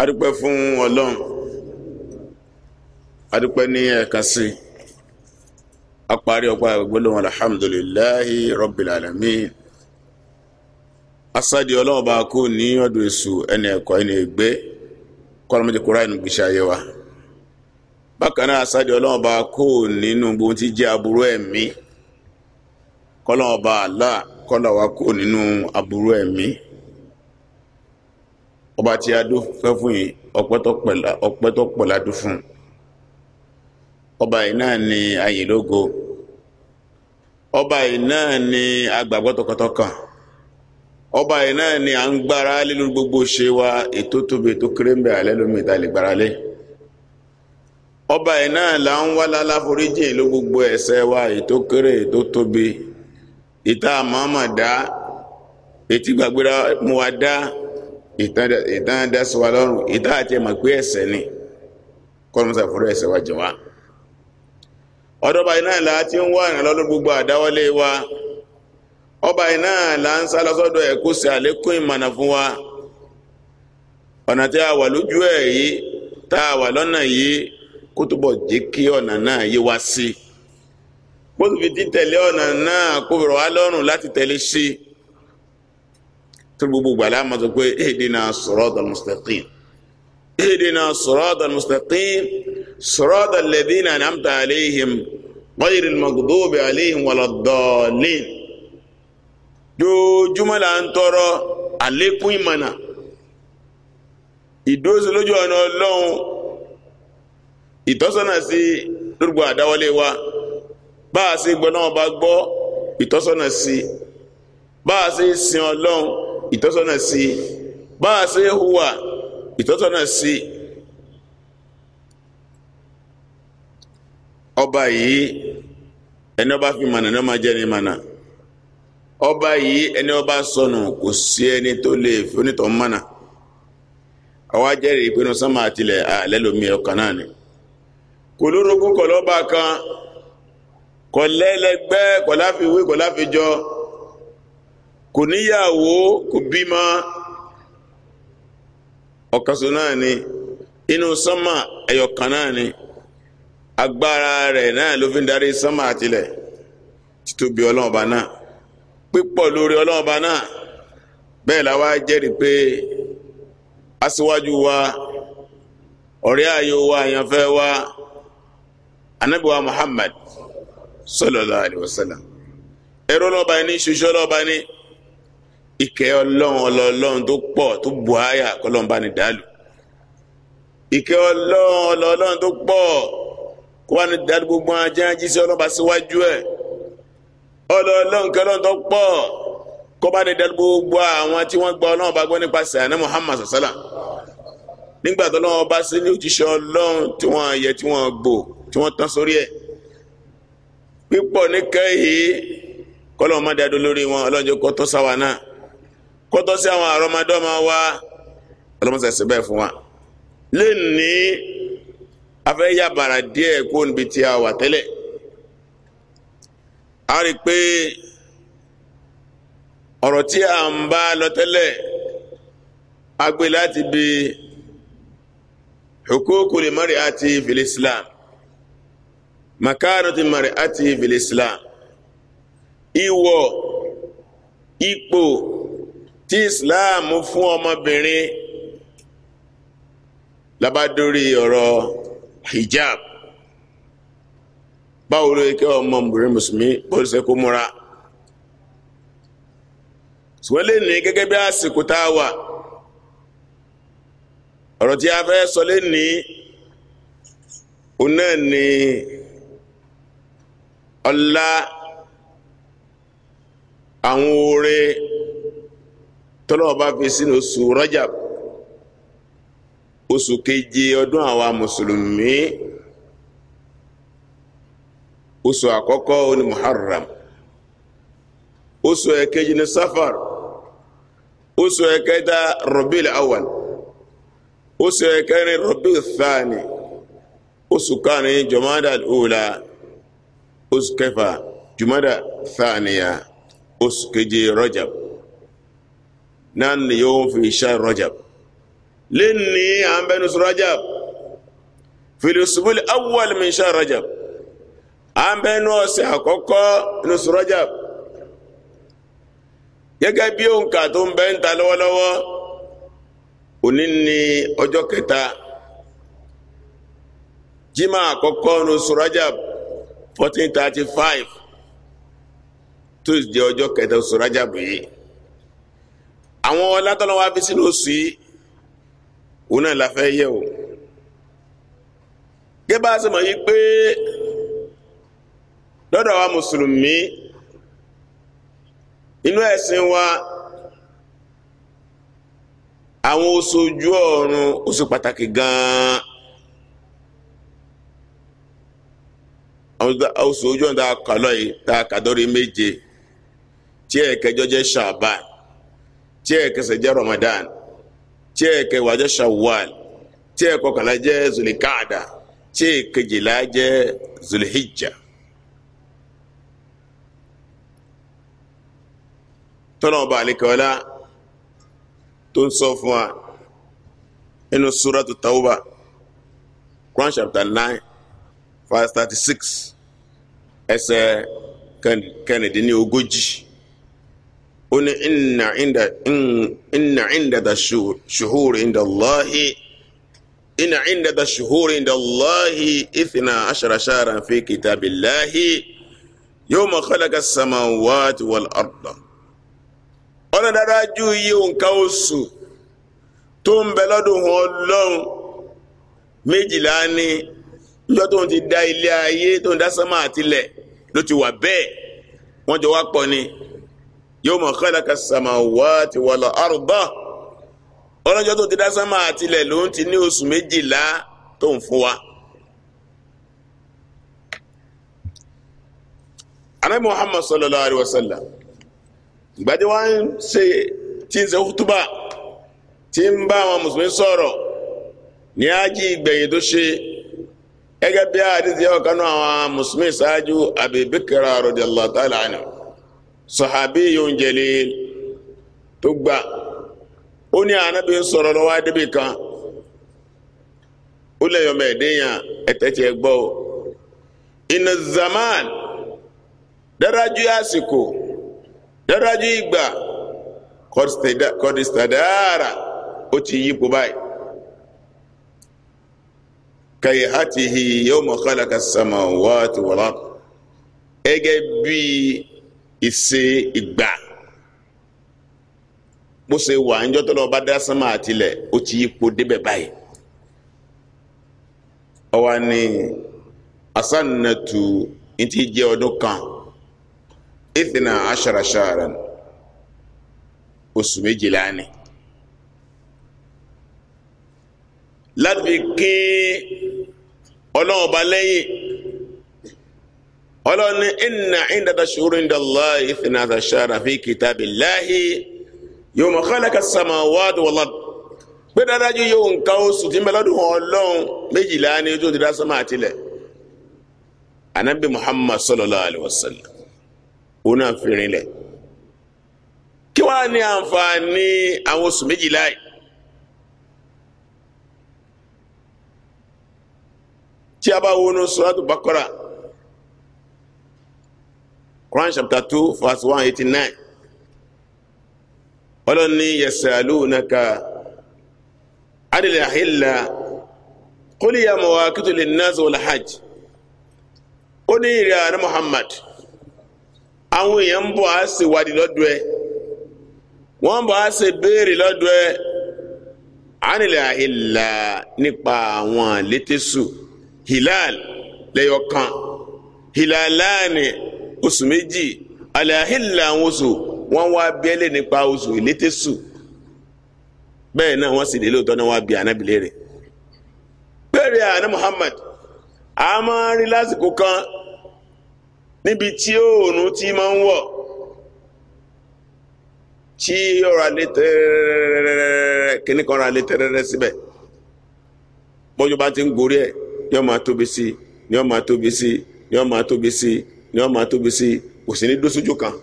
adúpẹ́ fún ọlọ́run adúpẹ́ ní ẹ̀ka sí a parí ọpá ìgbólóhùn alhamdulillahi rabbil asadi ọlọ́run bá kú ní ọdún èṣù ẹni ẹ̀kọ́ ẹni ègbé kọ́lọ́mọdé kúrò ẹnu gbèsè ayé wa bákan náà asadi ọlọ́run bá kú nínú gbogbo tí jẹ́ aburú ẹ̀mí bá àlá ọba tí a dó fẹ́ fún yìí ọpẹ́ tó pẹ̀lá ọpẹ́ tó pọ̀lá dó fún ọba yìí náà ni ayè lógo ọba yìí náà ni agbàgbọ́ tọkàntọkàn ọba yìí náà ni à ń gbára lé lórí gbogbo ṣe wa ètò tóbi ètò kéré ń bẹ alẹ́ lómi ìta lè gbára lé ọba yìí náà là ń wá láláforíjì ló gbogbo ẹ̀ṣẹ̀ wa ètò kéré ètò tóbi ìta àmọ́ àmọ́ dá ètí gbàgbéra mú wa dá ìtàn dásí wa lọ́rùn ìtàn àti ẹ̀mọ̀ pé ẹ̀ṣẹ̀ ni kọ́nùmọ́sà fúrú ẹ̀ṣẹ̀ wa jìn wá ọ̀dọ́ba iná ìlà tí ń wá ìrànlọ́dún gbogbo àdáwọlé wa ọba iná ìlà ń sá lọ́sọ́dọ̀ ẹ̀ kó sí àlékún ìmọ̀nà fún wa ọ̀nà tí a wà lójú ẹ̀ yìí tá a wà lọ́nà yìí kó túbọ̀ jẹ́ kí ọ̀nà náà yé wa sí i bó ti fi títẹ̀lé ọ̀nà náà kó rọ̀ wá lọ́rùn láti tẹ̀lé sí i tó gbogbo gbàlá máa sọ pé ihdina siratal mustaqim ihdina siratal mustaqim siratal ladina an'amta alayhim ghayril maghdubi alayhim waladdallin dojúmọ́ la ń tọrọ àlékún ìmọ̀nà ìdóso lójú ọ̀nà ọlọ́run ìtọ́sọ́nà sí lórúkọ àdáwọlé wa bá a ṣe gbọ́ náà bá gbọ́ ìtọ́sọ́nà sí bá a ṣe sin ọlọ́run ìtọ́sọ́nà sí bá a ṣe hùwà ìtọ́sọ́nà sí ọba yìí ẹni ọba fi mànà ní ọmọ jẹ́ ni ọba yìí ẹni ọba sọnù kò sí ẹni tó lè fi mànà àwa jẹ́rìí ìpinnu sánmà àtìlẹ̀ àlẹ́ lomi ọkàn náà ni kò kọ̀ lọ́ba kan kọ̀ lẹ́lẹ́gbẹ́ kọ̀ kò níyàwó kò bímọ ọ̀kanṣo náà ni inú sánmà ẹ̀yọ̀kan náà ni agbára rẹ̀ náà ló fi ń darí sánmà àtìlẹ̀ títóbi ọlọ́run náà pípọ̀ lórí ọlọ́run ọba náà bẹ́ẹ̀ la wá jẹ́rìí pé aṣíwájú wa ọ̀rẹ́ ayò wa àyànfẹ́ wa ànábì wa Muhammad sallallahu alaihi wasallam ẹ̀rọ lọ́ba ní ṣoṣọ́ lọ́ba ní. Ike ọlọ́run ọlọ́run tó pọ̀ tó bu àyà kọlọ́run bá ní dàlù ìkẹ́ ọlọ́run ọlọ́run tó pọ̀ kó wà ní dàlù gbogbo ajá jíṣẹ́ ọlọ́run bá síwájú ẹ̀ ọlọ́run kẹlọ́run tó pọ̀ kó bá ní dàlù gbogbo àwọn tí wọ́n gba ọlọ́run bá gbọ́ nípa sàyànà Muhammad sàlá nígbà tó lọ́wọ́ bá sí ní òjíṣẹ́ ọlọ́run tí wọ́n yẹ tí wọ́n gbò tí wọ́n tán sórí ẹ̀ pípọ̀ níkẹ́ yìí kọlọ́run má dá lórí wọn ọlọ́run jẹ́ kó tó sáwa náà kótó sí àwọn àrọ́mọdọ́mọ wa ọlọ́mọsẹ̀ sí bẹ́ẹ̀ fún wa lẹ́ni afẹ́yàbàrà díẹ̀ kó níbi tí a wà tẹ́lẹ̀ a rí i pé ọ̀rọ̀ tí a ń bá lọ tẹ́lẹ̀ a gbé láti bi hukuku lè mari àti fil Islam makano ti mari àti fil Islam ìwọ ipò. tí Islam fún ọmọbìnrin labadori ọ̀rọ̀ hijab báwo ló yẹ kí ọmọ mùsùlùmí mùsùlùmí bó ṣe kó múra ṣùgbọ́n lè ní gẹ́gẹ́ bí àsìkò tá a wà ọ̀rọ̀ tí a fẹ́ sọ lé ní òun náà ni ọlá àwọn oore tọ́lọ́wọ́ bá fi sínú oṣù Rajab oṣù keje ọdún àwa mùsùlùmí oṣù àkọ́kọ́ ni Muharram oṣù ẹ̀kejì ni Safar oṣù ẹ̀kẹta Rabi'ul Awwal oṣù ẹ̀kẹrin Rabi'u Thani oṣù karùn-ún Jumada oṣù kẹfà Jumada Thaniya oṣù keje Rajab náà ni yóò fi ṣe rajab lè ní à ń bẹnu sọ rajab filisubuli awwal min ṣe rajab à ń bẹnu ọ̀sẹ̀ àkọ́kọ́ ní sọ rajab gẹ́gẹ́ bí òǹkà tó ń bẹ ta lọ́wọ́lọ́wọ́ òní ni ọjọ́ kẹta jimá àkọ́kọ́ rajab fourteen thirty five tó jẹ́ ọjọ́ kẹta sọ rajab yìí àwọn ọlá tọ́lọ́ wa fi sínú oṣù yìí òun náà la fẹ́ yẹ̀ o gẹ́gẹ́ bá a ṣe yìí pé lọ́dọ̀ àwa mùsùlùmí inú ẹ̀sìn wa àwọn oṣù ojú ọ̀run oṣù pàtàkì gan-an oṣù ojú ọ̀run tá a kà lọ́yìí tá a kà dórí méje tí ẹ̀ẹ̀kẹjọ jẹ́ ṣàbáà tiẹ̀ kẹsẹ̀ jẹ́ Ramadan tiẹ̀ kẹwàá jẹ́ Shawwal tiẹ̀ kọkànlá jẹ́ Zulikaada tiẹ̀ kejìlá jẹ́ Zulhijja. tọ́lọ́mọba àlekọ́lá tó ń sọ fún wa nínú suratu Tawba Quran chapter nine verse thirty six ẹsẹ̀ kẹrìndínlógójì ó ní inna inda inna inda da shuhuri inda Allahi inna inda da shuhuri inda Allahi ithna ashara shahran fi kitabillahi yawma khalaqa as-samawati wal arda ọ̀nà dájú iye nǹkan oṣù tó ń bẹ lọ́dún Ọlọ́run méjìlá ní níjọ́ tó ń ti dá ilé ayé tó ń dá sánmà àtilẹ̀ ló ti wà bẹ́ẹ̀ wọ́n jọ wá pọ̀ ni yawma khalaqa as-samawati wal arda ọlọ́jọ́ tó ti dá sánmà àtilẹ̀ ló ń ti ní oṣù méjìlá tó ń fún wa. anabi muhammad sallallahu alaihi wa sallam ìgbàdí wa ń ṣe tí ń ṣe kútúbà tí ń bá àwọn mùsùlùmí sọ̀rọ̀ ní ájí ìgbẹ̀yìn tó ṣe gẹ́gẹ́ bí àdìsí ọ̀kanú àwọn mùsùlùmí ṣáájú Abi Bakr radiyallahu ta'ala anhu sahabiyun jalil tó gbà ó ní ànábì ń sọ̀rọ̀ lọ́wọ́ adébì kan ó lẹ́yìn ọmọ ẹ̀dẹ́yàn ẹ̀tẹ́tì ẹ̀ gbọ́ o inna zaman dárájú àsìkò dárájú ìgbà kọ́dìsítàdára ó ti yípo báyìí kayhatihi yawma khalaqa as-samawati wal-ard ẹgẹ́ bíi. ìṣe ìgbà bó ṣe wà ń jọ́tọ́ lọ́ọ́ bá àtìlẹ̀ ó ti yípo débẹ̀ báyìí ọwọ́ ni asánàtù ti jẹ́ ọdún kan ìfìnà aṣaraṣara oṣù méjìlá ni láti fi ké ọlọ́run ọba lẹ́yìn. ọlọ́run ní inna indada shuhuri indallahi ithna àti shahra fi kitabillahi yawma khalaqa as-samawati wal ard pé dáadájú yóò nǹkan oṣù tí mẹlọ́dún ọlọ́run méjìlá ni ojú ti dá sọ́mà àtìlẹ̀ anabi muhammad sallallahu alayhi wa sallam òun náà fi kí wàá ní àǹfààní àwọn oṣù méjìlá yìí tí a bá wọnú suratu bakara. Quran chapter two verse one eighty nine ọlọ́ni yasalunaka adìlẹ̀ àhílà kólíyà mawaqitu linnas wal hajj ó ní ìrìn àná Muhammad àwọn èèyàn ń bọ̀ á sì wádìí lọ́dọ̀ ẹ wọ́n ń bọ̀ á sì béèrè lọ́dọ̀ ẹ ànilẹ̀ àhílà nípa àwọn létésù hilal lẹ́yọ̀kan hilalani. oṣù méjì àlàáhìlà àwọn oṣù wọn wá bẹ́lẹ̀ nípa oṣù ìlétésù bẹ́ẹ̀ náà wọ́n sì dé lóòótọ́ náà wá bí anábìlẹ̀ rẹ̀ bẹ́ẹ̀rẹ̀ àná Muhammad a máa rí lásìkò kan níbi tí oòrùn ti máa ń wọ̀ tí ọ̀rọ̀ alẹ́ tẹ́rẹ́rẹ́rẹ́rẹ́ kíní kan ọ̀rọ̀ alẹ́ tẹ́rẹ́rẹ́ síbẹ̀ bọ́jú bá ti ń gorí ẹ̀ yóò máa tóbi sí yóò máa tóbi sí yóò máa tóbi sí ni wọ́n máa tóbi sí kò sí ní dósójú kan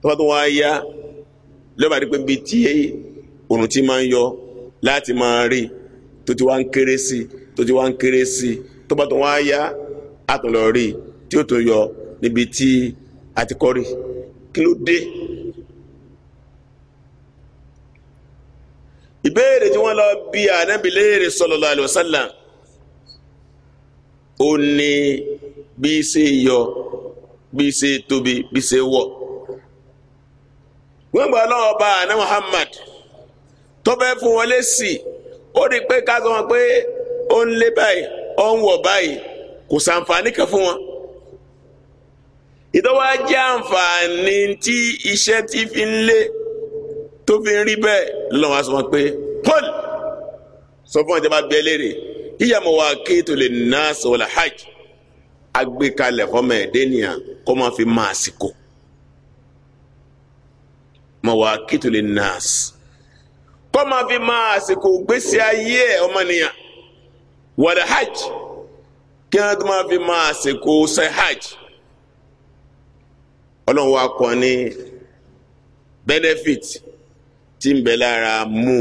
tọ́wọ́ tó wáá yá lọ́ba rí pé bíi tí òrùn ti máa ń yọ láti máa rí tó ti wá ń kéré sí tó ti wá ń kéré sí tọ́ba tó wáá yá àtúnlọ̀ rí tí ó tó yọ níbi tí a ti kọ́ rí kí ló dé. ìbéèrè tí wọ́n lọ bí ànábì léèrè sallallahu alaihi wasallam ó ní bí í ṣe yọ bí í ṣe tóbi bí í ṣe wọ̀ gbogbo ọlọ́wọ́ bá àná Muhammad tó fẹ́ fún wọn lésì ó rí i pé ká sọ wọn pé ó ń lé báyìí ó ń wọ̀ báyìí kò sàǹfààní kan fún wọn ìtọ́wá jẹ́ àǹfààní tí iṣẹ́ ti fi ń lé tó fi ń rí bẹ́ẹ̀ lọ́wọ́ sọ wọn pé paul sọ fún ọjọba gbẹ léèrè yíyá mo wà kí ètò lè ná sọ wọlé hajj agbékalẹ̀ fọmọ ẹ̀dẹ́ nìyà kó máa fi máa sìkò mawaqitu linnas kó máa fi máa sìkò gbèsè ayé ẹ̀ ọmọnìyàn wal hajj kí wọ́n tó máa fi máa sìkò ṣe hajj ọlọ́run wa kọ́ ni benefit tí ń bẹ lára mú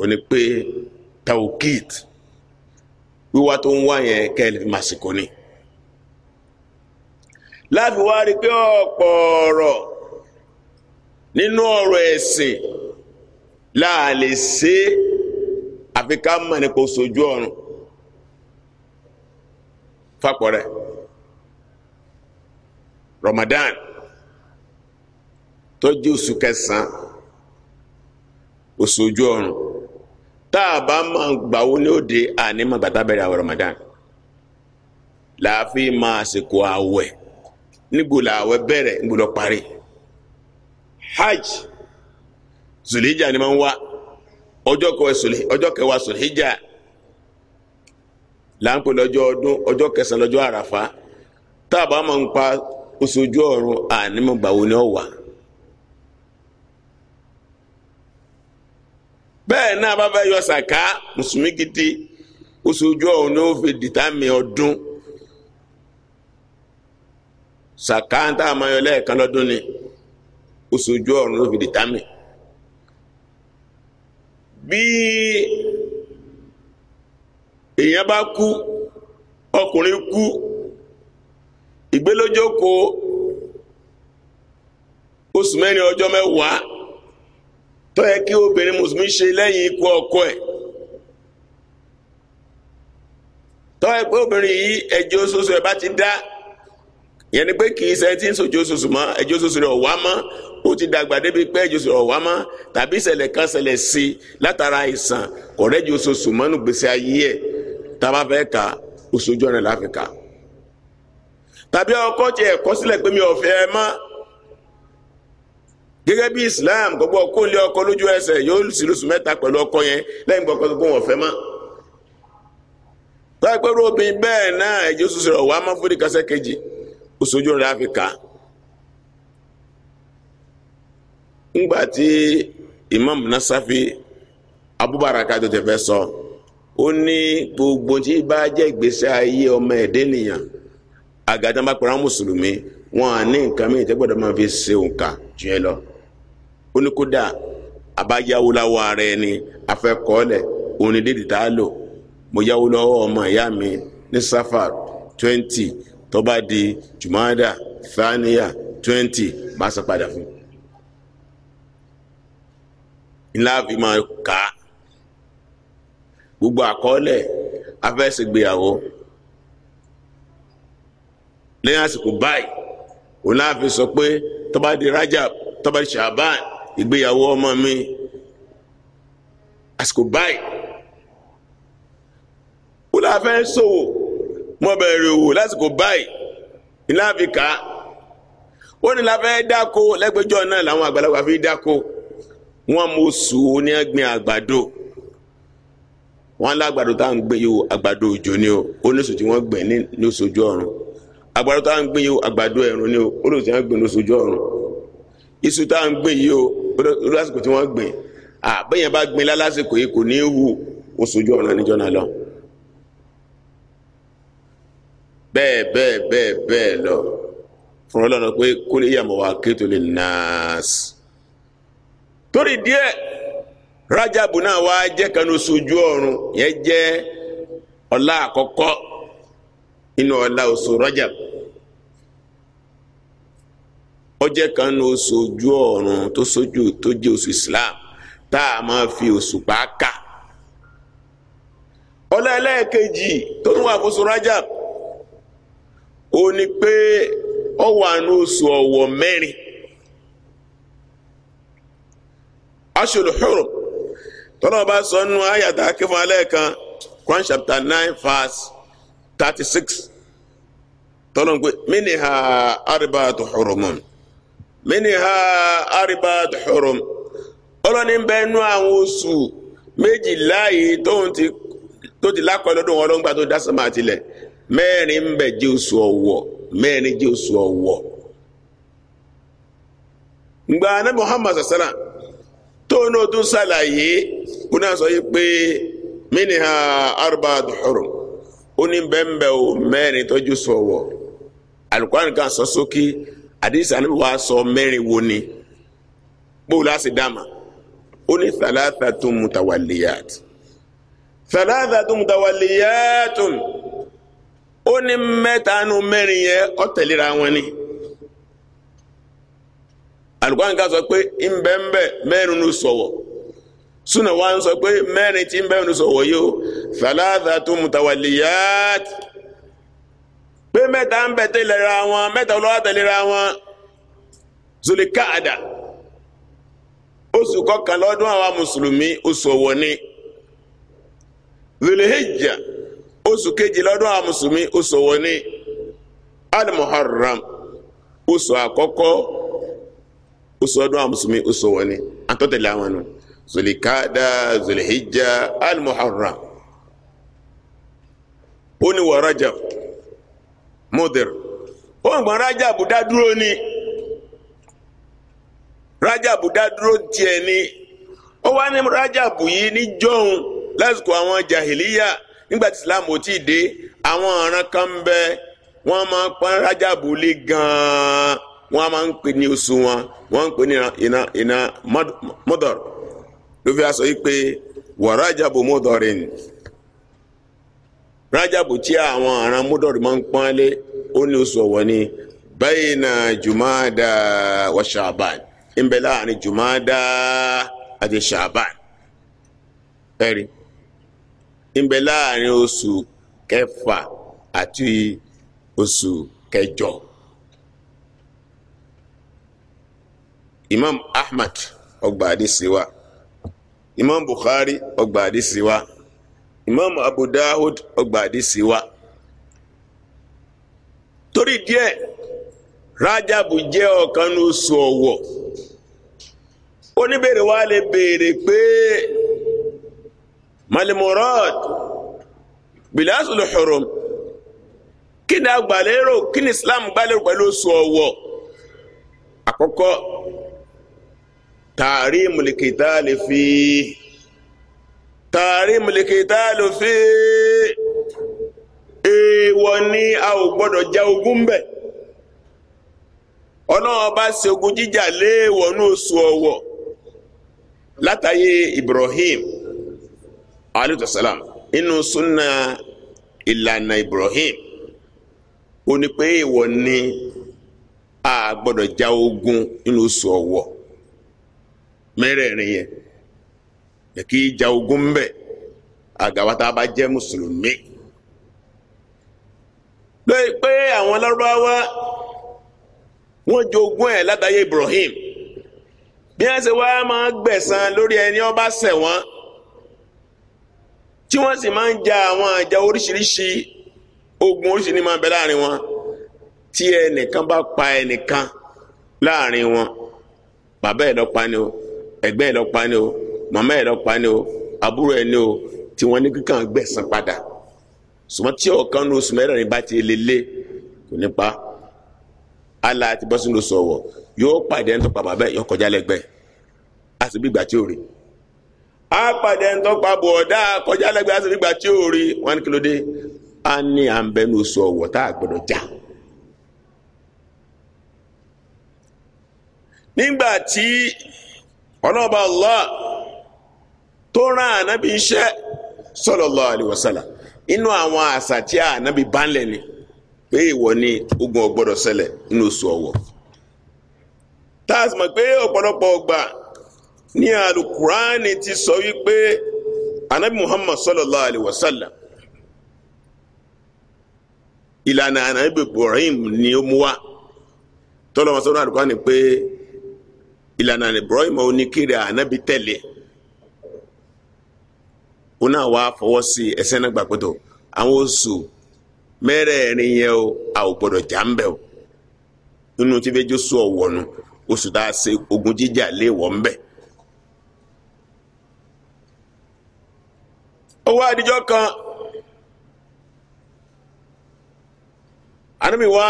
o ní pé tawkid wíwá tó ń wá yẹn kẹ́lẹ̀ fi màsìkò ni láti wá rí pé ọ̀pọ̀ ọ̀rọ̀ nínú ọ̀rọ̀ ẹ̀sìn láàlè ṣe àfi ká mọ̀ nípa oṣojú ọ̀run fàpọ̀ rẹ̀ Ramadan tó jẹ́ oṣù kẹsàn-án oṣojú ọ̀run tá a bá mọ̀ gbàwo ní òde àní gbàtà bẹ̀rẹ̀ Ramadan làáfi máa ṣèkò àwẹ̀ nígbò làwẹ̀ bẹ̀rẹ̀ parí hajj zulhijja ni máa ń wá ọjọ́ kẹwàá zulhijja là ń pè lọ́jọ́ ọdún ọjọ́ kẹsàn-án lọ́jọ́ àràfá tá bá mọ̀ ń pa bẹ́ẹ̀ náà bàbá yọ sàká mùsùlùmí gidi ọ̀hún ni ó fi dìtàmì ọdún sàká ń tà máa yọ lẹ́ẹ̀kan lọ́dún ni oṣù ọ̀hún ni ó fi dìtàmì tó yẹ kí obìnrin mùsùlùmí ṣe lẹ́yìn ikú ọkọ ẹ̀ tó yẹ pé obìnrin yìí ẹjọ́ oṣooṣù ẹ̀ bá ti dá yẹn ni pé kì í ṣe ti ń sojú oṣooṣù mọ́ ẹjọ́ oṣooṣù rẹ̀ ọ̀wá mọ́ ó ti dàgbà débi pé ẹjọ́ oṣooṣù rẹ̀ ọ̀wá mọ́ tàbí ìṣẹ̀lẹ̀ kan ṣẹlẹ̀ sí i látara àìsàn kọ̀rẹ́jọ́ oṣooṣù mọ́nú gbèsè ayé ẹ̀ tá a bá fẹ́ kà oṣooṣù ọ̀rẹ́ láfi kà tàbí ọkọ tiẹ̀ kọ pé mi ò fẹ́ ẹ gẹ́gẹ́ bí islam gbogbo kó lé ọkọ lójú ẹsẹ̀ yóò sì lóṣù mẹ́ta pẹ̀lú ọkọ yẹn lẹ́yìn gbọkọ tó gbóhùn ọfẹ mọ́. pẹ́ẹ́pẹ́rú obìnrin bẹ́ẹ̀ náà ẹ̀jẹ̀ sọ̀rọ̀ wàá má kásẹ̀ kejì oṣù rẹ̀ ńgbà tí imam nasafi abubaraka tó tẹ sọ ó ní gbogbo tí bá jẹ́ ìgbésí ayé ọmọ ẹ̀dẹ́ nìyàn àgàdàn wọn à ní nǹkan mìíràn máa fi ṣe òǹkà jù ẹ ó ní kódà àbáyáwó láwọ ara ẹni afẹ́kọ́ọ́lẹ̀ òun ni déèdì tá mo yáwó lọ́wọ́ ọmọ ìyá mi ní safar twenty tó di jumada thaniya twenty máa san padà fún ńlá fi máa kà á gbogbo àkọọ́lẹ̀ afẹ́sẹ̀gbéyàwó lẹ́yìn àsìkò báyìí òun láàfin sọ pé tó di rajab tó bá di shaban ìgbéyàwó ọmọ mi àsìkò báyìí ó láfẹ́ ṣòwò mo bẹ̀rẹ̀ òwò lásìkò báyìí ilé àfikà ó ní láfẹ́ dáko lẹ́gbẹ́jọ́ náà làwọn àgbàlagbà fi dáko wọ́n mú oṣù ní ẹgbin àgbàdo wọ́n lágbàdo tá à ń gbé yìí o àgbàdo òjò ni o oníṣòwò tí wọ́n gbẹ̀ ní oṣoojú ọ̀run àgbàdo tá à ń gbé yìí o àgbàdo ẹ̀rùn ni o oníṣòwò tí wọ́n gbẹ̀ ní oṣoojú ọ̀run iṣu tá à ń gbé yìí o ó lásìkò tí wọ́n gbìn àbẹ̀yẹn bá gbìn lásìkò yìí kò ní í hù ó sojú ọ̀nà níjọ́ náà lọ. bẹ́ẹ̀ bẹ́ẹ̀ bẹ́ẹ̀ bẹ́ẹ̀ lọ fún ọlọ́run pé kó lè yàmọ̀ wá kéètò lè nàásì. torí díẹ̀ rájàbù náà wá jẹ́ kanú sojú ọ̀run yẹn jẹ́ ọlá àkọ́kọ́ inú ọlá oṣù rájàbù. ọjẹ́ kan ní oṣù ojú ọ̀run tó sójú tó jẹ́ oṣù Islam tá a máa fi òṣùpá ká ọlá ẹlẹ́ẹ̀kejì tó ń wà fóṣù Rajab ó ní pé wà ní oṣù ọ̀wọ̀ mẹ́rin Ashul sọ nínú ayàtà kan nine verse thirty six ń mínìhà àríbá tọ̀rọ̀m ọlọ́ni ń bẹ́ nú àwọn oṣù méjìlá yìí tó ti lákọ̀ọ́lọ́dún wọn lọ́gbà tó dá sánmà àtìlẹ̀ mẹ́rin ń jẹ́ oṣù ọ̀wọ̀ mẹ́rin jẹ́ oṣù ọ̀wọ̀ ngba Muhammad sasana tó ní tún ṣàlàyé kó náà sọ yìí pé ó ní àdìsí ànábì wa sọ mẹ́rin wo ni bóò láti dáàmà ó ní thalatha tún mutawaliyat thalatha tún mutawaliyatun ó ní mẹ́ta nu mẹ́rin yẹn ó tẹ̀léra wọn ni alukóhàn ká sọ pé nbẹ́nbẹ́ mẹ́rin nu sọ̀wọ́ súnà wa sọ pé mẹ́rin tí nbẹ́rin nu sọ̀wọ́ yìí ó thalatha tún mutawaliyat pé mẹ́ta ń bẹ tẹ́lẹ̀ra wọn mẹ́ta olówó tẹ́lẹ̀ra wọn zulikaada oṣù kọkànlá ọdún àwa mùsùlùmí oṣù ọ̀wọ̀ ni zulihijja oṣù kejìlá ọdún àwa mùsùlùmí oṣù ọ̀wọ̀ ni alimuharram oṣù àkọ́kọ́ oṣù ọdún àwa mùsùlùmí oṣù ọ̀wọ̀ ni àtọ́tẹ̀lẹ̀ àwọn nù zulikaada zulihijja alimuharram ó ní wọ Rajab. mudir ògbọ́n Rájàbù dádúró ni Rájàbù dádúró ni ó wá ní Rájàbù yìí ní jọ́hún lásìkò àwọn jahiliya nígbà tí Islam ò tí ì dé àwọn ọ̀ràn kan ń bẹ wọ́n máa ń pọ́n Rájàbù lé gan-an máa ń pè ní rájàbù tí àwọn àrùn múdọ̀rì máa ń pọ́nlé ó ní oṣù ọ̀wọ̀ ni bayna jùmọ́dá wa ṣàbàn ń bẹ láàrin jùmọ́dá àti ṣàbàn ẹ̀rí ń bẹ láàrin oṣù kẹfà àti oṣù kẹjọ. imam ahmad ọgbà àdìsí imam bukhari ọgbà àdìsí imam abu dawud ọgbà àdìsí wa torí díẹ̀ rajabu jẹ́ ọ̀kan ní oṣù ọ̀wọ̀ oníbèrè wa lè béèrè pé malimurad bilasul hurum kí ni agbàlérò islam gbàlérò pẹ̀lú oṣù ọ̀wọ̀ àkọ́kọ́ tààrí mulikita lè fi. tààrímù al-qitalu fi ịwọ ni a ò gbọ́dọ̀ já ogun ń bẹ̀ ọlọ́run bá ogun jíjà léèwọ̀ ní oṣù ọ̀wọ̀ látàyé Ibrahim alayhi salam inú súnà ìlànà Ibrahim ó ní pé èèwọ̀ ni a gbọdọ já ogun nínú oṣù ọ̀wọ̀ mẹ́rẹ̀ẹ̀rin yẹn. pé kí ìjà ogun ń bẹ àgàwà tá a bá jẹ́ mùsùlùmí. lóye pé àwọn lárúbáwá wọ́n jogún ẹ̀ ládàáyé Ibrahim bí wọ́n ṣe wá máa gbẹ̀san lórí ẹni ó bá ṣẹ̀ wọ́n tí wọ́n sì máa ń ja àwọn àjà oríṣiríṣi ogun oríṣiríṣi ni máa ń bẹ láàrin wọn tí ẹnìkan bá pa ẹnìkan láàrin wọn bàbá ẹ̀ ló pa ni o ẹ̀gbẹ́ ẹ̀ ló pa ni o Mama ẹ̀ lọ́pàá ni o àbúrò ẹ̀ ni o tí wọ́n ní kíkàn gbẹ̀sán padà sùmọ́ tí ọ̀kan ní oṣù mẹ́rẹ̀ẹ̀rin bá ti lè lé kò ní pa ala àti bọ́sùn ló sọ̀wọ̀ yóò pàdé ẹni tó pa bàbá yóò kọjá lẹ́gbẹ̀ẹ́ a sì bí ìgbà tí ò rí a pàdé ẹni tó pa bọ̀ọ̀dá kọjá lẹ́gbẹ̀ẹ́ a sì bí ìgbà tí wọn ní kí a ní à ń bẹ ní oṣù ọ̀wọ̀ tá a gbọ́dọ̀ já. nígbà tí ọlọ́ba Allah tó rán ànábì iṣẹ́ sallallahu alaihi wasallam inú àwọn àṣà tí ànábì bá ni pé ìwọ ni ogun ọgbọ́dọ̀ ṣẹlẹ̀ nínú oṣù ọ̀wọ̀ tá a sì mọ̀ pé ọgbà ní alukurani ti sọ wípé anabi muhammad sọlọlọ alaihi wasallam ìlànà anabi ibrahim ni ó mú tọrọ tọ́lọ́mọsọ́nà alukurani pé ìlànà ibrahim ò ní kiri anabi tẹ̀lé. òun wa wá fọwọ́ sí ẹsẹ̀ náà gbà àwọn oṣù mẹ́rẹ̀ẹ̀rin yẹn o a ò ń bẹ̀ nínú tí ogun jíjà lé bẹ̀. owó àdìjọ́ kan anami wa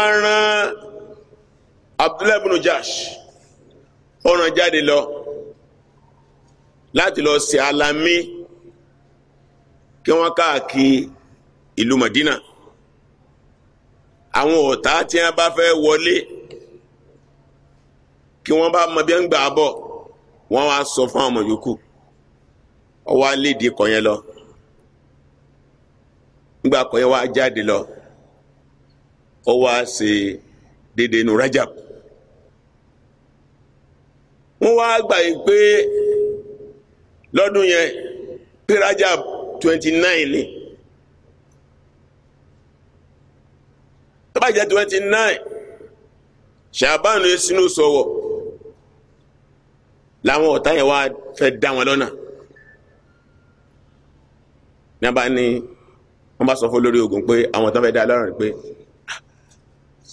Abdullahi bin Jash jáde lọ láti lọ sí alami. Si kí wọ́n káàkiri ìlú Madina àwọn ọ̀tá tí wọ́n bá fẹ́ wọlé kí wọ́n bá mọ bí wọ́n ń gbà bọ̀ wọ́n wá sọ fún àwọn ọmọ yòókù ọwọ́ aléde kọ̀ yẹn lọ nígbà kọ̀ wá jáde lọ ọwọ́ á ṣe dédé inú Rajab wọ́n wá gbà yìí pé lọ́dún yẹn pé Rajab twenty nine ni tó jẹ́ twenty nine ṣàbánu sínú sọ̀wọ̀ làwọn ọ̀tá yẹn wá fẹ́ dá wọn lọ́nà ní a bá ní wọ́n bá sọ fún olórí ogun pé àwọn tó fẹ́ dá lọ́rùn pé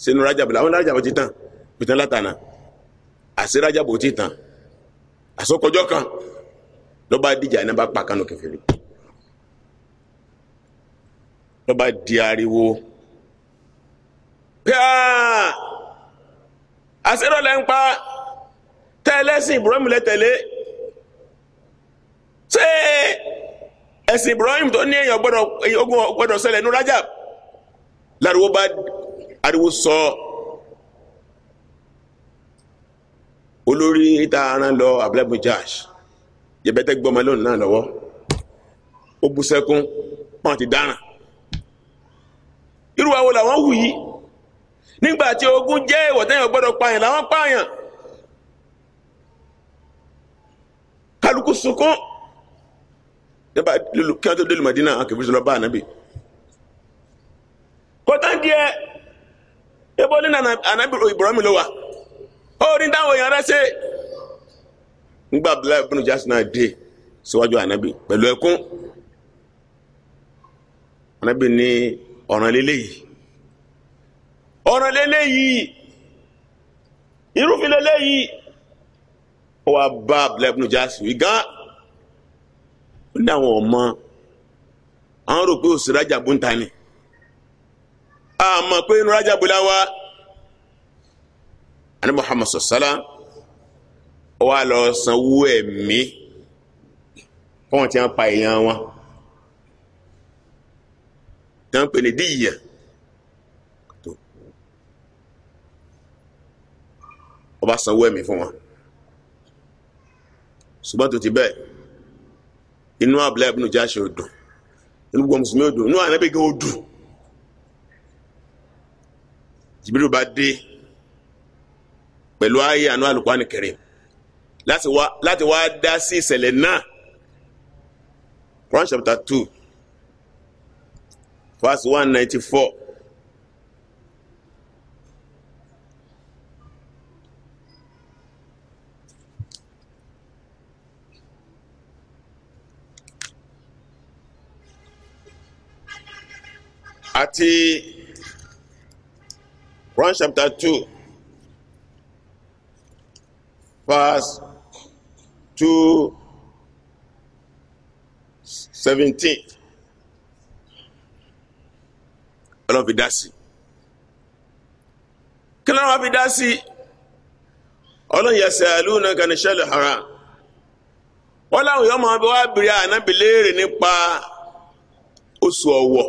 sínú rájàbù làwọn rájàbù ti tàn pìtàn látànà àti rájàbù ti tàn àsọkọjọ́ kan ló bá dìjà iná pa kánú kẹfẹ́ rí ló bá di ariwo pé ah, àṣírọ́lẹ̀ ń pa tẹ́lẹ́sìn Ibrahim lẹ́tẹ̀lé ṣé ẹ̀sìn Ibrahim tó ní èèyàn gbọ́dọ̀ ṣẹlẹ̀ ní Rajab láriwo bá ariwo sọ olórí ìta aran lọ abdulhamid josh yẹbẹtẹ gbọmọ lónìí náà lọ́wọ́ ó bú sẹ́kún pọn ti dáràn irú àwọn làwọn wù yìí nígbà tí ogun jẹ́ èèwọ̀ téèyàn gbọ́dọ̀ pààyàn làwọn pààyàn kálukú sunkún yaba lulu kí wọn tó délu madina àwọn anabi bá ànábì kọtán díẹ̀ ebo ní nana ànábì ibrahim ló wà ó ní táwọn èèyàn rẹ ṣe nígbà abdullahi ibn jasin náà dé síwájú ànábì ẹkún ànábì ní. ọ̀ràn lélẹ́yìí ọ̀ràn lélẹ́yìí irúfin lélẹ́yìí ó wá bá abúlẹ́bùnú jáàsì wí gán ó ní àwọn ọmọ àwọn rò pé òsì rájà bó ń ta ni àmọ́ pé inú rájà bó láwa ani Muhammad sọ̀sálà ó wá lọ sanwó ẹ̀mí fún wọn tí wọ́n pa èèyàn wọn tó ń pè ní díyà tó ọba sanwó ẹ̀mí fún wọn ṣùgbọ́n tó ti bẹ́ẹ̀ inú Abdullahi ibn Jahsh ò dùn inú gbogbo mùsùlùmí ò dùn inú Ànábì gan ò dùn Jibril bá dé pẹ̀lú ayé àánú Al-Qur'an Karim láti wá dá sí ìṣẹ̀lẹ̀ náà Quran chapter two verse one ninety four. àti Quran chapter two verse two seventeen. ọlọ́run fi dá sí kí lọ́run wá fi dá sí ọlọ́run yasalunaka anishal haram wọ́n láwọn èèyàn máa wá bèrè ànábì léèrè nípa oṣù ọ̀wọ̀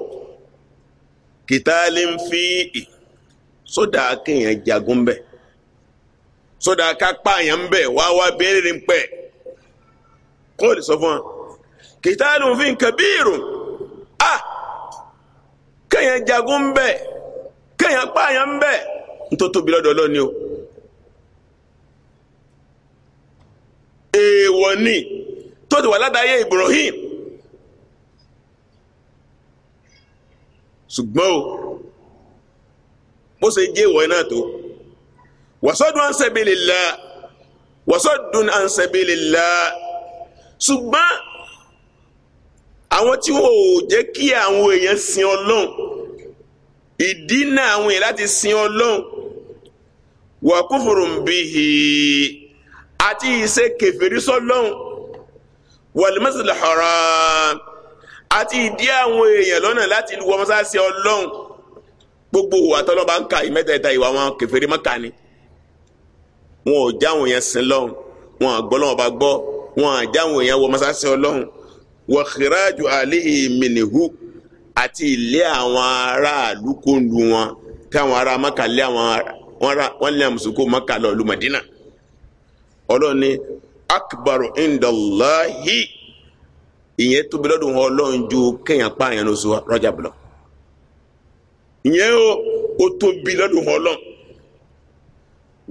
kìtàlẹ́ ń fi sódà kéèyàn jagun bẹ́ẹ̀ sódà kápá èèyàn bẹ́ẹ̀ wá wá bèrè ń pẹ́ kóòlì sọ fún wa kìtàlẹ́ ń fi nǹkan bí irun kéèyàn jagun ń bẹ kéèyàn pààyàn ń bẹ nítorí tóbi lọ́dọ̀ lọ́ni o èèwọ̀ ni tó ti wà ládàáyé Ibrahim ṣùgbọ́n o bó ṣe jẹ́ ìwọ̀ náà tó wàsọ́dún an sabilillah wàsọ́dún an ṣùgbọ́n àwọn tí wọn ò jẹ́ kí àwọn èèyàn sin Ọlọ́run ìdínà àwọn yẹn láti sin ọlọ́run wa kufurun bihi àti ìṣe kèfèrí sọ́lọ́run wal masjidil haram àti ìdí àwọn èèyàn lọ́nà láti lu wọn sáṣẹ ọlọ́run gbogbo ìwà tọ́lọ́ bá ń ka ìmẹ́tẹ̀ẹ̀ta ìwà wọn kèfèrí mọ́ka ni wọn ò já àwọn yẹn sin lọ́run wọn àgbọ́ lọ́wọ́ bá gbọ́ wọn àjá àwọn yẹn wọ mọ́sáṣẹ ọlọ́run wa khiraju alihi minhu àti ilé àwọn aráàlú kó lu wọn káwọn ará maka lé àwọn wọn lé maka lọ lu Madina ọlọ́run ní akbaru indalahi ìyẹn tóbi lọ́dún wọn ọlọ́run ju kéèyàn pa àyàn lóṣù o tobi tóbi lọ́dún wọn ọlọ́run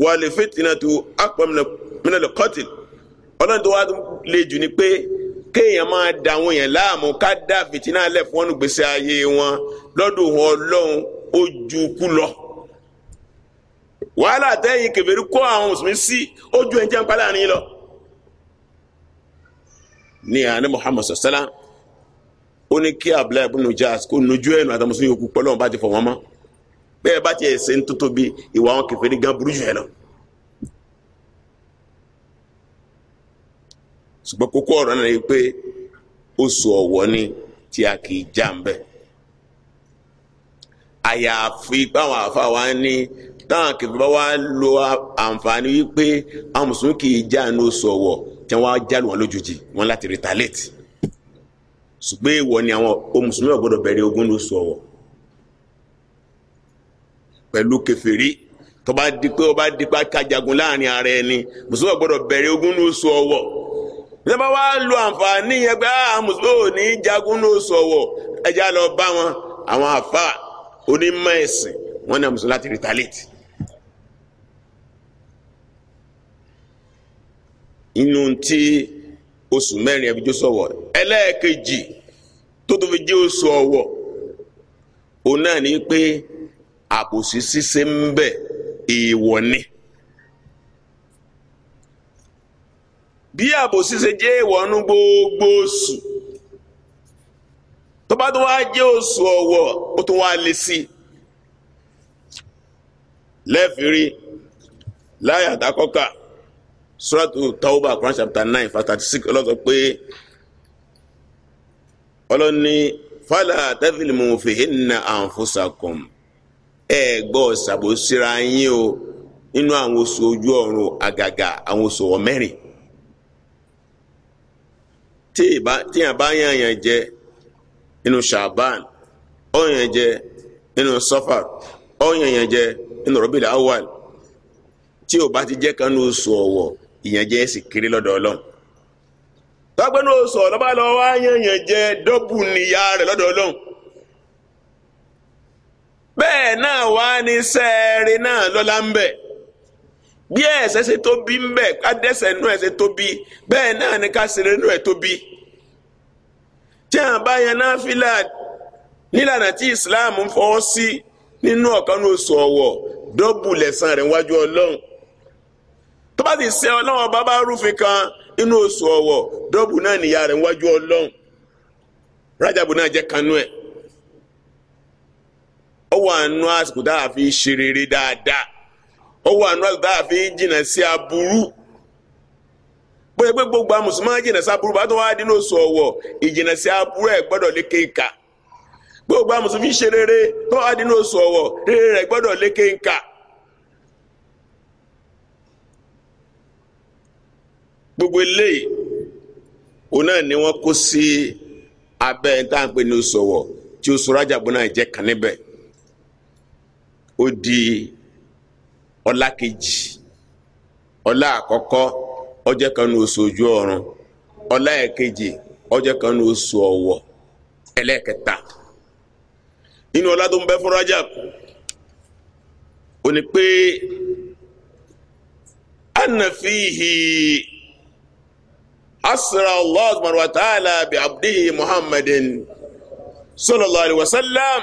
wà lè tó akpọ̀ mìnàlẹ́ kọ́tìl kéèyàn máa da àwọn èèyàn láàmú ká dá fìtínà lẹ̀ fún wọn gbèsè ayé wọn lọ́dọ̀ wọn ọlọ́run ó ju kú lọ. wàhálà tẹ́yìn kèfèrí kó àwọn mùsùlùmí sí ó ẹ̀jẹ̀ ń pa láàrin lọ. ní àná Muhammad sọ̀sálà ó ní kí Abdullahi ibn Jaz kó nojú ẹ̀nu àtàwọn mùsùlùmí yòókù pọ̀ lọ́wọ́n bá ti fọ̀ wọ́n mọ́ bẹ́ẹ̀ bá tiẹ̀ ṣe ń tó tóbi ìwà àwọn kèfèrí gan burú jù ẹ̀ lọ. ṣùgbọ́n kókó ọ̀rọ̀ náà ni pé oṣù ọ̀wọ̀ ni tí a kì í já ń bẹ̀. àyàfi báwọn àáfàá wa ní táwọn kìfẹ́ bá wá lo àǹfààní wípé àwọn mùsùlùmí kì í já ní oṣù ọ̀wọ̀ tí wọ́n á já lù wọ́n lójijì wọ́n láti retaliate. ṣùgbọ́n èèwọ̀ ni àwọn mùsùlùmí ò bẹ̀rẹ̀ ogun ní oṣù ọ̀wọ̀ pẹ̀lú kèfèrí tó bá di pé ó bá di pé kájagun láàrin ara ẹni mùsùlùmí ò bẹ̀rẹ̀ ogun ní oṣù ọ̀wọ̀ ìjọba wa lu àǹfààní yẹn pé ah mùsùlùmí ò ní jagun ló sọ̀wọ̀ ẹja lọ bá wọn àwọn àfa onímọ̀ ẹ̀sìn wọn náà mùsùlùmí láti retaliate. inú tí oṣù mẹ́rin ẹbí jó sọ̀wọ̀ ẹlẹ́ẹ̀kejì tó tó fi jẹ́ oṣù ọ̀wọ̀ òun náà ní pé àbòsí ṣíṣe ń bẹ èèwọ̀ ni. E bí àbòsí ṣe jẹ́ ìwọ̀nú gbogbo oṣù tó bá tó wá jẹ́ oṣù ọ̀wọ̀ ó tó wá lé sí i lẹ́ẹ̀fìrí láyà àdákọ́kà suratu tawba quran chapter nine verse thirty six ọlọ́sọ pé ọlọ́ni fàlà tẹ́fìlìmù fìhínà ẹ gbọ́ ṣàbòsíra yín o nínú àwọn oṣù ojú ọ̀run àgàgà àwọn oṣù ọ̀mẹ́rin. tíyàn bá yàn yàn jẹ inú shaban ó yàn jẹ inú sọfà ó yàn yàn jẹ inú rọbìlà awal tí o bá ti jẹ́ kanú oṣù ọwọ ìyàn jẹ́ sì kéré lọ́dọ̀ ọlọ́run tọ́gbẹ́nu oṣù ọ̀lọ́bá lọ wá yàn yàn jẹ dọ́bù níyà rẹ̀ lọ́dọ̀ ọlọ́run bẹ́ẹ̀ náà wá ní sẹ́ẹ̀rì náà lọ́lá ń bẹ̀. bí ẹ̀ṣẹ̀ ṣe tóbi ńbẹ ká dẹ́ṣẹ̀ nú ẹ̀ ṣe tóbi bẹ́ẹ̀ náà ni ká ṣeré nú ẹ̀ tóbi tí àwọn bá yan náfìlà nílànà tí Islam ń fọwọ́ sí nínú ọ̀kan ní oṣù ọ̀wọ̀ dọ́bù lẹ̀san rẹ̀ wájú Ọlọ́run tó bá ti ṣẹ̀ Ọlọ́run ọba bá rúfin kan inú oṣù ọ̀wọ̀ dọ́bù náà nìyà rẹ̀ wájú Ọlọ́run rájàbù náà jẹ́ kanú ẹ̀ ọwọ́ àánú àsìkò fi ṣe rere dáadáa. ó wà nù àlùdá àfi jìnnà sí aburú bóyá pé gbogbo àwọn mùsùlùmí jìnnà sí aburú bá tó wá dín lóṣù ọ̀wọ̀ ìjìnnà sí aburú ẹ̀ gbọdọ lékè nkà gbogbo àwọn mùsùlùmí ṣe rere tó wá dín lóṣù rere lékè nkà. gbogbo eléyìí òun náà ni kó sí ní oṣù tí oṣù náà kàn di ọlá kejì ọlá àkọ́kọ́ ọjọ́ kan ní oṣù ojú ọ̀run ọlá ẹ̀kejì ọjọ́ kan ní oṣù ọ̀wọ̀ ẹlẹ́ẹ̀kẹta nínú ọlá tó ń bẹ fún Rajab ó ní pé anna asra allah subhanahu wa ta'ala bi abdihi muhammadin sallallahu alaihi wa sallam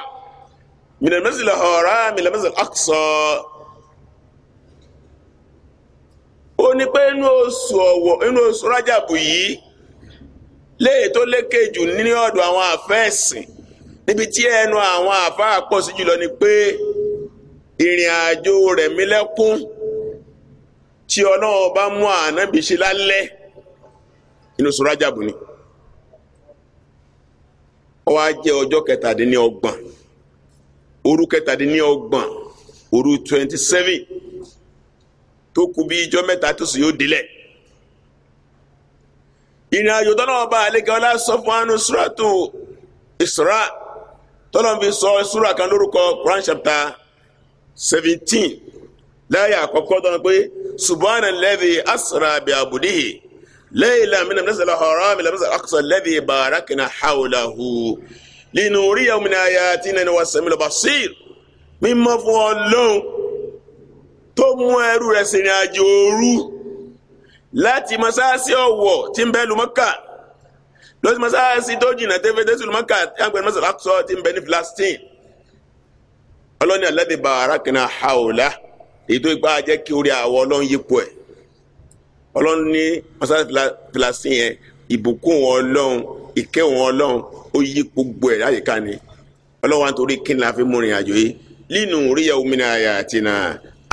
min masjid al-haram ila masjid al-aqsa. ó ní pé inú oṣù ọ̀wọ̀ inú oṣù rájàbù yìí léyìí tó lékejù ní ọ̀dọ̀ àwọn àfẹ́ẹ̀sìn níbi tí ẹnu àwọn àfáà pọ̀ sí jùlọ ni pé ìrìn àjò rẹ̀ mílẹ́kún tí ọlọ́run bá mú ànábì ṣe lálẹ́ inú oṣù rájàbù ni ó wá jẹ́ ọjọ́ kẹtàdínlọ́gbọ̀n òru tó kù bí ijọ́ mẹ́ta tó sì yóò délẹ̀ ìrìn àjò tọ́nà ọba àlekẹ́ ọlá sọ fún anu suratu Isra tọ́nà fi sọ sura kan lórúkọ Quran chapter seventeen láyà àkọ́kọ́ tọ́nà pé subhana alladhi asra bi abudihi layla min al-masjid al-haram ila al-masjid al-aqsa alladhi barakna hawlahu linuriyahu min ayatina wa samil basir mímọ́ fún Ọlọ́run tó mú ẹrú rẹ̀ sìnrìn àjò òru láti mọ́sáàsì ọ̀wọ̀ tí ń bẹ lu Mọ́kà lọ sí mọ́sáàsì tó jìnnà tẹ́fẹ́tẹ́ sí lu Mọ́kà tí wọ́n pè ní mọ́sáàsì Al-Aqsa tí ń bẹ ní Palestine ọlọ́ni alladhi barakna hawla ètò ìgbà jẹ́ kí orí àwọ̀ ọlọ́run yípo ẹ̀ ọlọ́run ní mọ́sáàsì Palestine yẹn ìbùkún wọn ọlọ́run ìkẹ́ wọn ọlọ́run ó yí gbogbo ẹ̀ láyìíká ni ọlọ́run wa nítorí kí ni a fi mú ìrìn àjò yìí linu riya min ayatina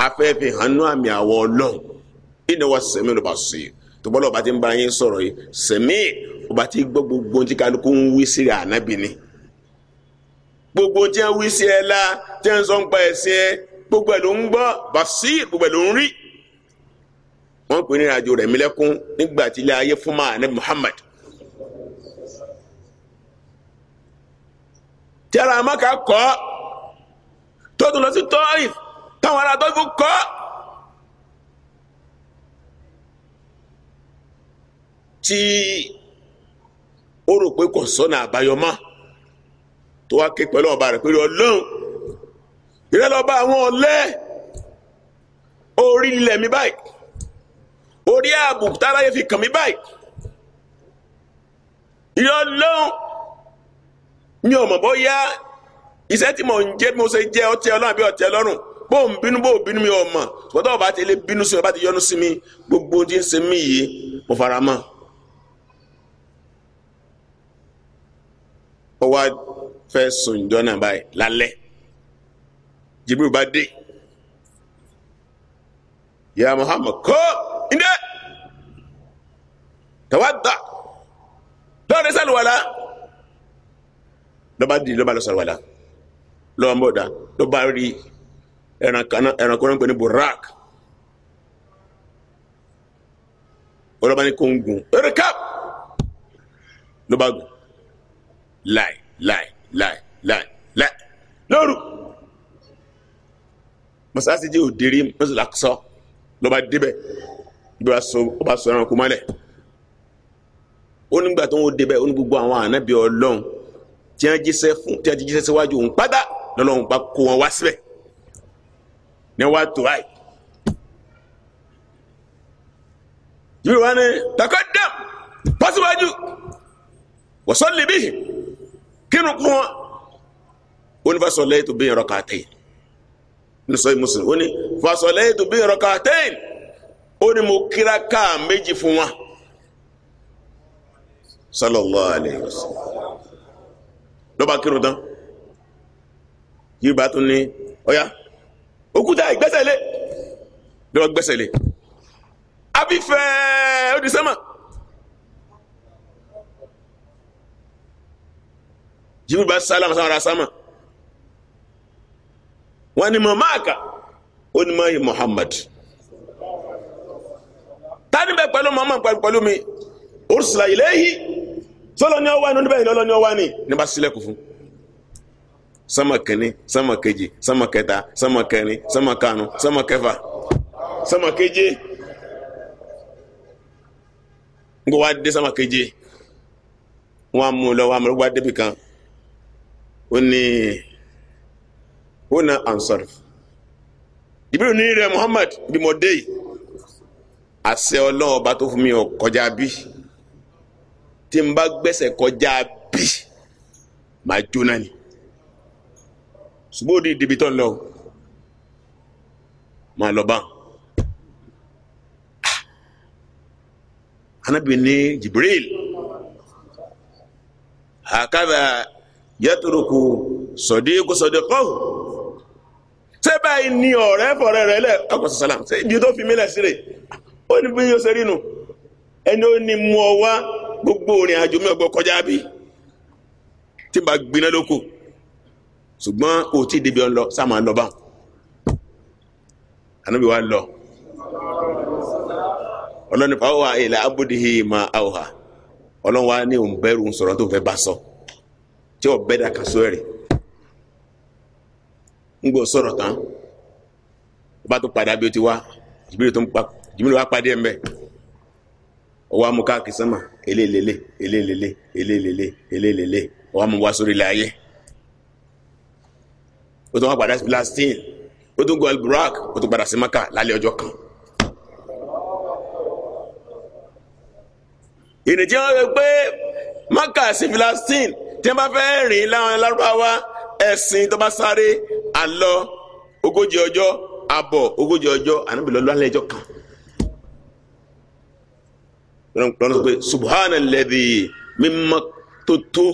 afẹ́fẹ́ hàn ní àmì àwọ̀ ọlọ́run ìnáwó sẹ́mi ló bá sọ yìí tó bọ́lá ọba ti ń bá yín sọ̀rọ̀ yìí sẹ́mi ọba ti gbọ́ gbogbo ohun tí kálukú ń wí sí ànábì ni gbogbo ohun tí ń wí sí ẹ la tí ń sọ ń pa ẹ̀sìn ẹ gbogbo ẹ̀ ló ń gbọ́ bàṣí gbogbo ẹ̀ ló ń rí wọ́n pè ní ìrìnàjò rẹ̀ mílẹ́kún nígbà tí ilé ayé fún máa ní Muhammad tí ara maka kọ́ tó tún lọ sí tọ́ìf tawọn ará ti kọ́. tí ó rò na kò to àbáyọmọ́ ọba rẹ̀ pé ọlọ́run ìrẹ́lọ́ba àwọn ọ̀lẹ́ mi báyìí orí ààbò táráyé fi kàn mi ò mọ̀ bóyá iṣẹ́ tí mò ń jẹ́ mo ṣe bó ń bínú bó bínú mi ò mọ̀ ṣùgbọ́n tó o bá ti lé bínú sí mi o bá ti yọnu sí mi gbogbo ohun tí ń ṣe mí yìí mo fara mọ́. ó wá fẹ́ sùn ìjọ náà báyìí lálẹ́ Jibril bá dé ya Muhammad kó ndé tawadda lọ́ọ̀dẹ sálùwàlà lọ́ba dì lọ́ba lọ sálùwàlà mbọ̀dà lọ́ba rí i ẹranko náà ń pè ní burak olóba ní kò ń gùn erika ló bá gùn láì láì láì láì láì lóru masalasi jẹ́ òdiri mọ́sálásọ́ ló bá débẹ̀ bí ó bá sọ ẹranko mọ́lẹ̀ ó nígbà tó ń débẹ̀ ó ní gbogbo àwọn ànábì ọlọ́run tí wọ́n jíṣẹ́ fún tí wọ́n ti jíṣẹ́ ne wa to ayi jibiru wani takadam pasiwaju wasọli bihi kinu kun wa wani fasọlẹ to bi yọrọ k'a tẹ ne sọ ye musulmi wani fasọlẹ to bi yọrọ k'a tẹ o ni mo kira ka méjì fún wa sallallahu alayhi wa sallam dọba kinu tan yiri b'a to ni ọya. Oh, yeah òkúta ìgbẹ́sẹ̀lé lọ́wọ́ gbẹ́sẹ̀lé abífẹ́ odùsẹ́mà jibril bá sálámà sáwọn ará sámà wọn ni mọ̀ máàkà ó ní mọ̀ Muhammad tani bẹ pẹ̀lú mọmọ pẹ̀lú mi ursula iléyìí sọlọ ni ọwọ ni oníbẹyìn lọlọ ni ọwọ ni ní bá sílẹ̀kùn fún un sánmà kìíní sánmà kejì sánmà kẹta sánmà kẹrin sánmà karùn sánmà kẹfà sánmà keje n kò wá dé sánmà keje wọn á mú un lọ wọn á kan ó ní ó na ansar ìbílẹ̀ ní rẹ̀ Muhammad bí mo dé yìí àṣẹ ọlọ́run ọba tó fún mi ò kọjá bí tí n bá gbẹ́sẹ̀ kọjá bí màá jóná ni ṣùgbọ́n òdi ìdìbì tó lọ máa lọ bá anabi ní Jibril àkàbà yẹtùrùkù sọdíkù sọdíkọ́hù ṣé báyìí ni ọ̀rẹ́ fọ̀rẹ́ rẹ lẹ ọkọ̀ sàlám ṣé ibi tó fi mílẹ̀ sílẹ̀ ó ní bí yóò ṣe rí nu ẹni ó ní mú ọ wá gbogbo òrìn àjò mi ọgbọ kọjá bí tí n bá gbiná lóko. ṣùgbọ́n o ti ọlọ sáàmà lọ bá anábì wa lọ ọlọ́ni fáwọn ilẹ̀ abúdíhì ma àwòhà ọlọ́run wa ní òun bẹ̀rù ń sọ̀rọ̀ tó fẹ́ sọ tí ò bẹ́ẹ̀ dàkà sọ ń gbọ́ sọ̀rọ̀ tán ó bá tó padà bí ti wá jìbìrì tó ń pa jìbìrì wa pàdé ẹ̀ mbẹ́ ọwọ́ elélele ó tún wá padà sí Palestine ó tún gọ́ọ̀lù burak ó tún padà sí Maka lálẹ́ ọjọ́ kan. ìrètí wọn rẹ pé Maka sí Palestine tí wọn bá fẹ́ rìn láwọn lárúbáwá ẹ̀sìn tó bá sáré àlọ ogójì ọjọ́ àbọ̀ ogójì ọjọ́ ànábìlọ lálẹ́ ọjọ́ kan. lọ́nà sọ pé subhana lẹ́bi mímọ́ tó tó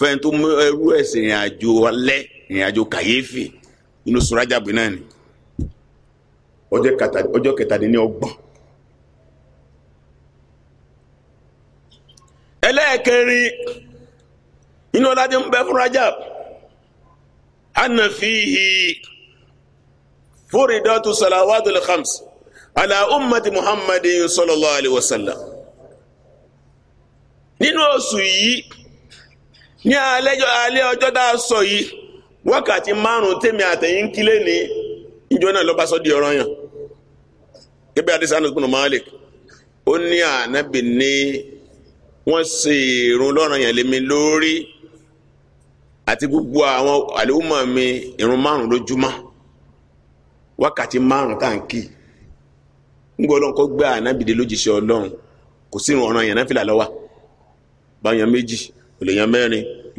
fẹ́ẹ́ tó ẹrú ẹ̀sìn ìrìn àjò alẹ́ ìrìnàjò kàyéfì nínú sùrájàgbé náà ni ọjọ́ kẹtàdínlọ́gbọ̀n. ẹlẹ́ẹ̀kẹrin nínú ọládé ń bẹ fún rajab anafihi furidatu salawatul khams ala ummati muhammadin sallallahu alaihi wasallam nínú oṣù yìí ní alẹ́ ọjọ́ tá a sọ yìí. wákàtí márùn tèmi àtẹ̀yìn kílé ní ìjọ náà ló bá sọ di ọ̀rọ̀ yàn gẹ́gẹ́ adé sanu gbọ́dọ̀ Malik ó ní ànábì ní wọ́n ṣe ìrun lọ́rọ̀ lémi lórí àti gbogbo àwọn àlèhùnmọ̀ mi irun márùn lójúmọ́ wákàtí márùn tá à ń gbé ànábì dé lójijì kò sí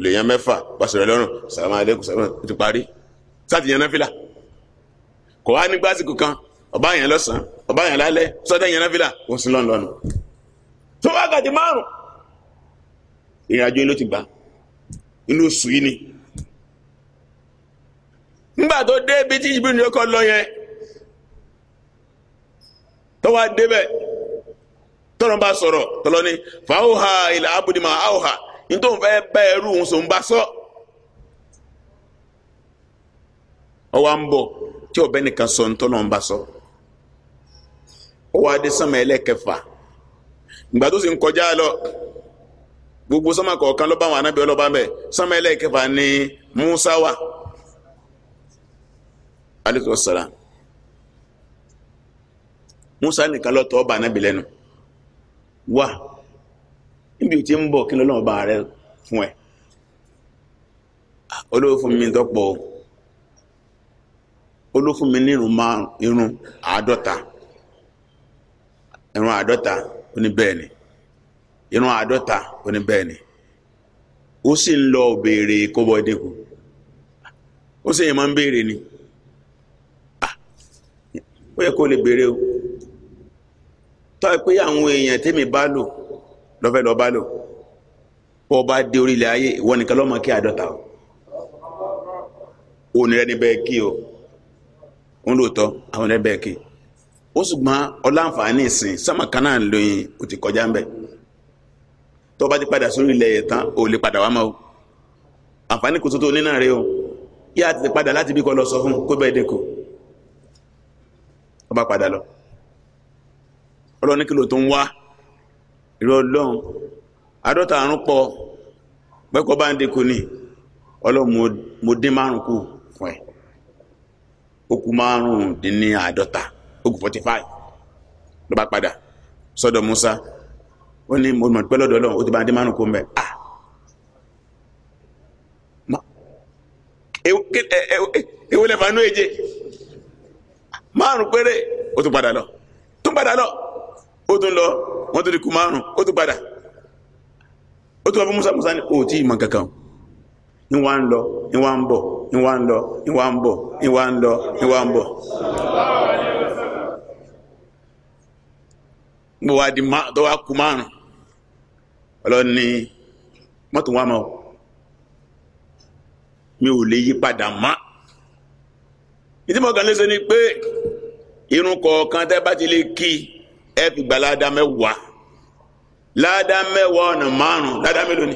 lèèyàn mẹ́fà pàṣẹ lọ́rùn sàmà àlékún sàmà ti parí sátìyàn náfìlà kò wá ní gbásìkò kan ọba yẹn lọ́sàn-án ọba yẹn lálẹ́ sọdẹ yẹn náfìlà kò sí tó márùn ìrìn àjò ti gbà inú oṣù yìí ni nígbà tó dé tí ni lọ yẹn tó wá débẹ̀ bá ni fàáhùhà ilà nítorí òun fẹ́ bá ẹrú òun sòun sọ. ọwọ́ ń bọ̀ tí ọ̀bẹ nìkan sọ nítorí òun bá sọ. adé lọ gbogbo sánmà kọ̀ọ̀kan ló bá anábìá ni Musa wa alayhi wa Musa nìkan ló ọba anábìá lẹ́nu níbi tí ń bọ̀ kí lọ́lọ́wọ́ bá rẹ fún ẹ olówó fún mi tọ́pọ̀ olówó fún mi ní irun márùn irun àádọ́ta irun àádọ́ta ó bẹ́ẹ̀ ó sì ń lọ béèrè kóbọ̀ ó sì yẹn máa ń béèrè ni ó yẹ kó lè béèrè o tọ́ ẹ pé àwọn èèyàn lọ́fẹ́ lọ́ọ́ bá lò bọ́ ọ bá dé orílẹ̀ ayé ìwọ nìkan lọ́mọ kí àádọ́ta o òun rẹ ní bẹ́ẹ̀ kí o òun lóòótọ́ àwọn rẹ bẹ́ẹ̀ kí ó ṣùgbọ́n ọláǹfààní ìsìn sámàkánná ń lóyin ò ti kọjá ń bẹ̀ tó bá ti padà sórí ilẹ̀ yẹn tán ò lè padà wá mọ́ o àǹfààní kò tó tó nínà rẹ o yá àti padà láti bí kò lọ sọ fún kó bẹ́ẹ̀ dínkù ó bá padà lọ ọlọ́ni kí ló tó ìrọ̀ ọlọ́run àádọ́ta àrùn pọ̀ pẹ́kọ̀ bá ń dínkù ní ọlọ́run mo dín márùn kù fún ẹ̀ okù márùn dín ní àádọ́ta okù 45 ló bá padà sọ́dọ̀ Musa ó ní mo mọ̀ pé lọ́dọ̀ ọlọ́run ó ti bá ń dín márùn kù mẹ́ ah ewúlẹ̀ e, e, e, fanú èje márùn péré ó tún padà lọ tún padà lọ otu tún lọ wọ́n tún di kú otu ó padà musa musa o tí ìmọ̀ lọ nwa wá nwa mbọ nwa nlọ nwa mbọ. ní dị ma bọ̀ ní wá ń lọ mi ò lè yí padà mọ́ ìdí mọ́kànlẹ́sẹ̀ ni pé irun kọ̀ọ̀kan tẹ́ ẹ fi gba láàdá mẹ́wàá láàdá mẹ́wàá ọ̀nà márùn láàdá mélòó ni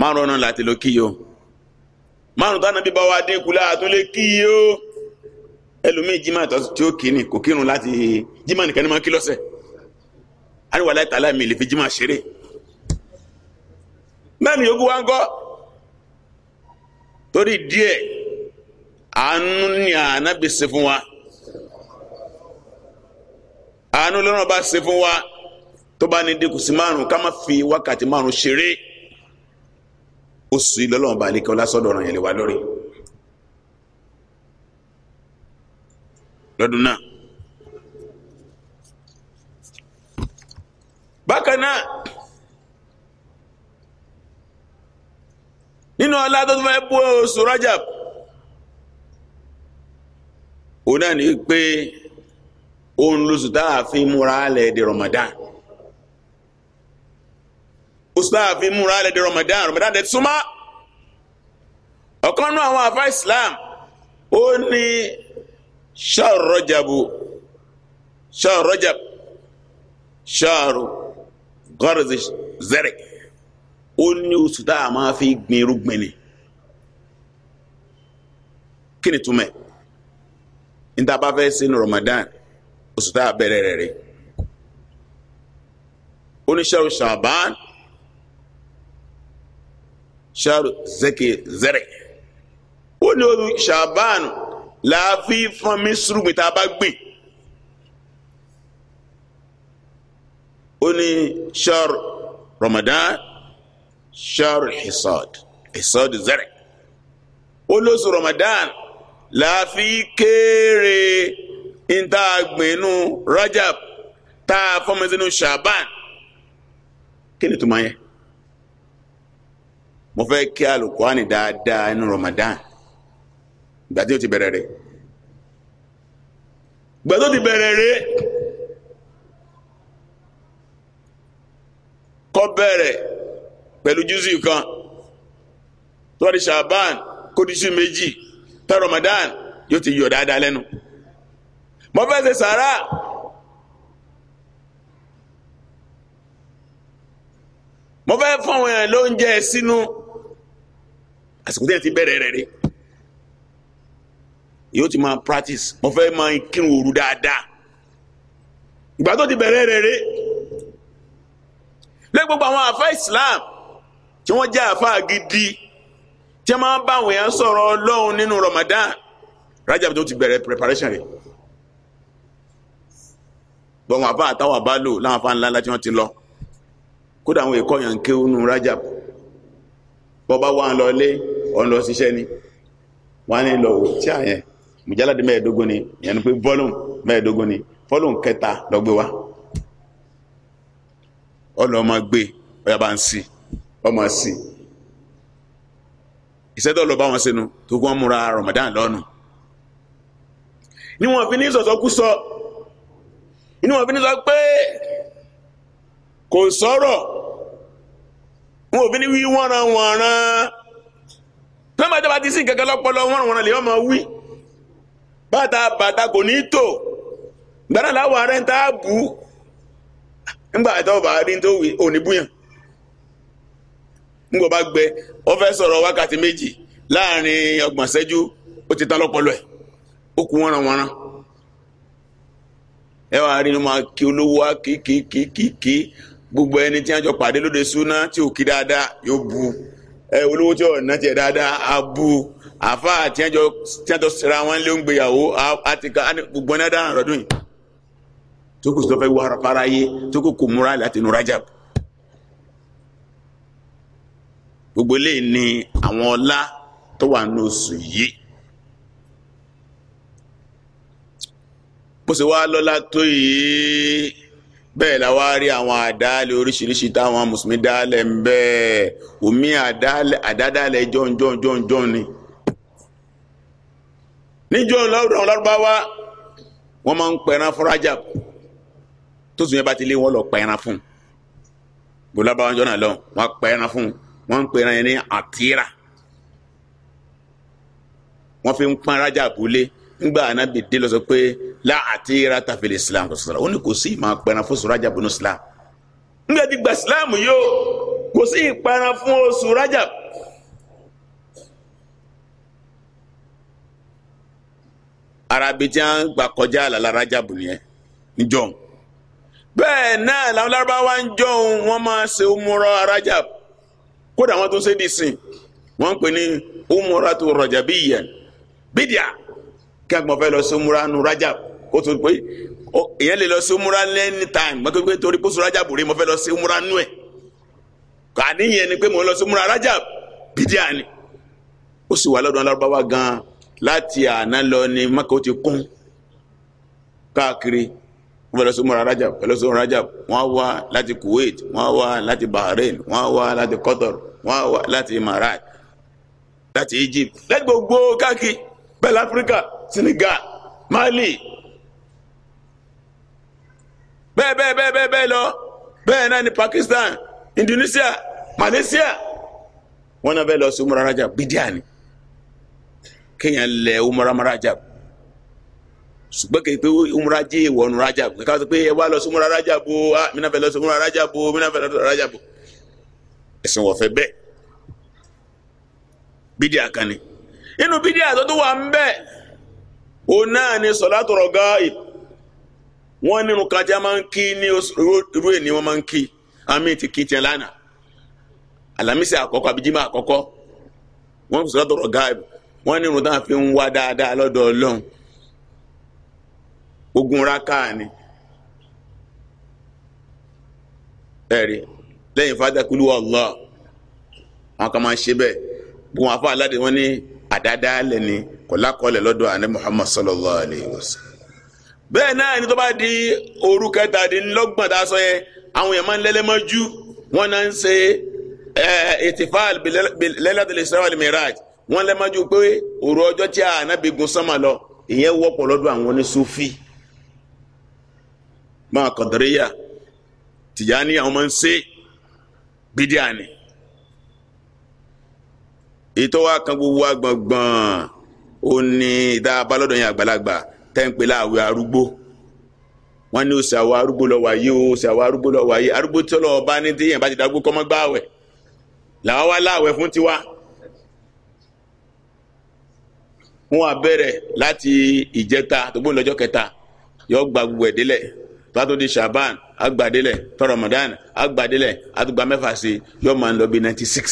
márùn ọ̀nà láti lọ kíyó márùn tó ànábì bá wa dínkù láàtún lè kíyó ẹlòmíì jimá tí ó kì í ní kò kírun láti jimá nìkan ní máa kí lọ́sẹ̀ àríwá láì tààlà mi lè fi jimá ṣeré mẹ́rin yòókù wá ń kọ́ torí díẹ̀ àánú ni ànábì ṣe fún wa àánú lọ́nà bá ṣe fún wa tó bá ní dínkù sí márùn ká má fi wákàtí márùn ṣeré oṣù ìlọ́lọ́wọ́n bá lékẹ́ ọlásọ́dọ̀ ọ̀ràn yẹn lè wá lórí. lọ́dún náà bákan náà nínú ọlá tó tún fẹ́ bú oṣù Rajab òun náà ní pé òun lóṣù tá a fi múra lẹ̀ di Ramadan oṣù tá a fi múra lẹ̀ di Ramadan Ramadan dẹ̀ súnmọ́ ọ̀kan náà àwọn àfa Islam ó ní ṣáàrù rọjàbù ṣáàrù rọjàbù ṣáàrù gọ́rọ̀sì zẹ́rẹ̀ ó ní oṣù tá a máa fi gbin irúgbìn ni kí ni túmẹ̀ ní tá a bá fẹ́ sínú Ramadan oṣù tá a bẹ̀rẹ̀ rẹ̀ rẹ̀ oníṣẹ́rù ṣàbán ṣàrù zẹ́kẹ̀ zẹ́rẹ̀ ó ní oṣù ṣàbán láàfi fún mi sùrùmí tá a bá gbìn ó ní ṣàrù Ramadan ṣàrù hisad hisad zẹ́rẹ̀ ó lóṣù Ramadan láàfi kéré ń tá Rajab tá a Shaban kini ni tuma yẹn mo fẹ́ kí alukwani dáadáa inú Ramadan ìgbà tí o ti bẹ̀rẹ̀ rẹ̀ ìgbà tó ti bẹ̀rẹ̀ rẹ̀ kó bẹ̀rẹ̀ pẹ̀lú júùsì kan tó wà Shaban kó di júùsì méjì tá Ramadan yóò ti yọ dáadáa lẹ́nu mo fẹ́ ṣe sàárà mo fẹ́ fún àwọn èèyàn lóúnjẹ sínú àsìkò tí ẹ ti bẹ̀rẹ̀ rẹ̀ rí yóò ti máa practice mo fẹ́ máa kírun òru dáadáa ìgbà tó ti bẹ̀rẹ̀ rẹ̀ rí lé gbogbo àwọn àfa Islam tí wọ́n jẹ́ àfa gidi tí wọ́n máa ń bá àwọn èèyàn sọ̀rọ̀ Ọlọ́run nínú Ramadan Rajab tó ti bẹ̀rẹ̀ preparation rẹ̀ bọ́n àfa àtàwà bá lò láwọn afa ńlá láti wọ́n ti lọ kódà àwọn èkó yàn ń ké nù rájà bọ́ba wà ń lọ ilé ọ̀n lọ ṣiṣẹ́ ni wọ́n á ní lọ wò tí àyẹn mùjáládé mẹ́ẹ̀ẹ́dógún ni ìyẹn pé bọ́lùm mẹ́ẹ̀ẹ́dógún ni fọ́lùm kẹta lọ́gbé wa ọlọ́mọ gbé ọyà bá ń sí ọmọ sí ìṣẹ́dọ̀ lọ bá wọn sínú tó kún wọn múra Ramadan lọ́nu ni wọn fi ní sọ̀sọ́kú sọ. inú wọn fi ní sọ pé kò sọ̀rọ̀ wọn ò fi ní wí wọ́nran wọ̀nran tọ́mọ̀ ìjọba ti sìn kẹ́kẹ́ lọ́pọlọ wọ́nran wọ̀nran lè wọ́n máa wí bàtà bàtà kò ní tò gbẹ́nà láwọn arẹ́ ń tá bù ú ńgbà àtọ́ bàá rí tó wí òní búyàn ńgbà bá gbẹ ọ sọ̀rọ̀ wákàtí méjì ẹ wàá rí inú máa kí olówó wá kí kí kí kí kí gbogbo ẹni tí wọn jọ pàdé lóde súná tí ò kí dáadáa yóò bu ẹ olówó tí ọ̀nà tiẹ̀ dáadáa á bu àfa tí wọn jọ tí wọn jọ sira wọn lé ń á ti ká gbogbo ẹni dáhùn rọdún yìí tó kù sọfẹ wàrà para yé tó kù kò múra láti nu Rajab gbogbo eléyìí ni àwọn ọlá tó wà ní oṣù yìí. bó ṣe wá lọ́lá tó yìí bẹ́ẹ̀ la wá rí àwọn àdáálẹ̀ oríṣiríṣi táwọn mùsùlùmí dáálẹ̀ ń bẹ́ẹ̀ omi àdádálẹ̀ jọ̀njọ̀njọ̀njọ̀n ni. níjọ́ lọ́rùn àwọn lárúbáwá wọ́n máa ń pẹran fún Rajab tó sùn yẹn bá ti lé wọ́n lọ pẹran fún un bùlábà wọn jọ́nà lọ wọ́n pẹran fún un wọ́n ń pẹran yẹn ní àtìrà wọ́n fi ń pọn Rajab lé ńgbà Ànábì dé lọ sọ pé la àti ra tafili islam tó sọ̀rọ̀ ó ní kò sí ìmọ̀ pẹran fún sùrájà bínú islam nígbà tí gba islam yóò kò sí ìpẹran fún oṣù rájà. arabi tí wọn gbà kọjá àlàlà rájà bù nìyẹn níjọ́ bẹ́ẹ̀ náà làwọn lárúbáwá ń jọ òun wọn máa ṣe umura rájà kódà wọn tó ṣe dì sìn wọn ń pè ní umura tó rọjà bí ìyẹn bídíà kí agbọ̀n fẹ́ lọ ó tún pé èèyàn lè lọ sí umura lẹ́ni time mọ́tò pé torí kó sọ́ra jábù rí mo fẹ́ lọ sí umura nú ẹ̀ kà níyẹn ni pé mo lọ sí umura rájà bídíà ni ó sì wà lọ́dún alárúbáwá gan-an láti àná lọ ni mọ́kà ó ti kún káàkiri wọ́n fẹ́ lọ sí umura rájà fẹ́ lọ sí umura rájà wọ́n wá láti Kuwait wọ́n wá láti Bahrain wọ́n wá láti Qatar wọ́n wá láti Imarat láti Egypt láti gbogbo káàkiri bẹ́ẹ̀ láfíríkà Senegal Mali bẹ́ẹ̀ bẹ́ẹ̀ bẹ́ẹ̀ bẹ́ẹ̀ bẹ́ẹ̀ lọ bẹ́ẹ̀ náà ni Pakistan Indonesia Malaysia wọn náà bẹ́ẹ̀ lọ sí umra rajab bídíà ni kéèyàn lẹ umra rajab ṣùgbọ́n kì í pé umra jẹ́ ìwọ̀nù rajab kí ká sọ pé ẹ wá lọ sí umra rajab o ah mi náà fẹ́ lọ sí umra rajab o mi náà fẹ́ lọ sí umra rajab o ẹ̀sìn wọ̀fẹ́ bẹ́ẹ̀ bídíà kan ni inú bídíà tó tó wà ń bẹ́ẹ̀ òun náà ni sọ̀lá tọ̀rọ̀ gáà wọ́n nínú kájà máa ń kí ní irú èní wọ́n máa ń kí àmì ti kí tiẹ̀ lánàá alamisi àkọ́kọ́ abijima àkọ́kọ́ wọ́n sọ̀rọ̀ dọ̀rọ̀ gáàbù wọ́n nínú táwọn fi ń wá dáadáa lọ́dọ̀ ọlọ́run ogun raka ni ẹ̀rí lẹ́yìn fàdákùlù Allah àwọn kan máa ń ṣe bẹ́ẹ̀ bí wọn afọ aládé wọn ní àdáadáa lẹ́ni kọ̀lákọ̀ọ́lẹ̀ lọ́dọ̀ àná Muhammad sallallahu alayhi wa sallam bẹ́ẹ̀ náà ni tó bá di òru kẹtàdínlọ́gbọ̀n tá a sọ yẹn àwọn èèyàn máa ń lẹ́lẹ́ mọ́jú wọ́n náà ń ṣe ìtìfáàl lailatul isra wal miraj wọ́n lẹ́ mọ́jú pé òru ọjọ́ tí ànábì gun sánmà lọ ìyẹn wọ́pọ̀ lọ́dọ̀ àwọn oníṣúfì máa kọ̀dọ̀ríyà tìjàní àwọn máa ń ṣe bídíà ni ètò wa kan gbogbo wa gbọ̀ngbọ̀n ó ní ìdá abalọ́dọ̀ yẹn àgbàlagbà tẹ́ǹpẹ́ láàwẹ̀ arúgbó wọ́n ní oṣù àwọn arúgbó lọ́wọ́ ayé o oṣù àwọn arúgbó lọ́wọ́ ayé arúgbó tí ọlọ́wọ́ bá ní téèyàn bá ti dágbó kọ́mọ́ gbá àwẹ̀ làwọn wá láàwẹ̀ fún tiwa. wọn abẹ́rẹ́ láti ìjẹta tó gbóhùn lọ́jọ́ kẹta yọ gba gbogbo ẹ̀dílẹ̀ tó di tó ramadan agbadilẹ̀ àtúgbà mẹ́fà sí yọ máa ninety six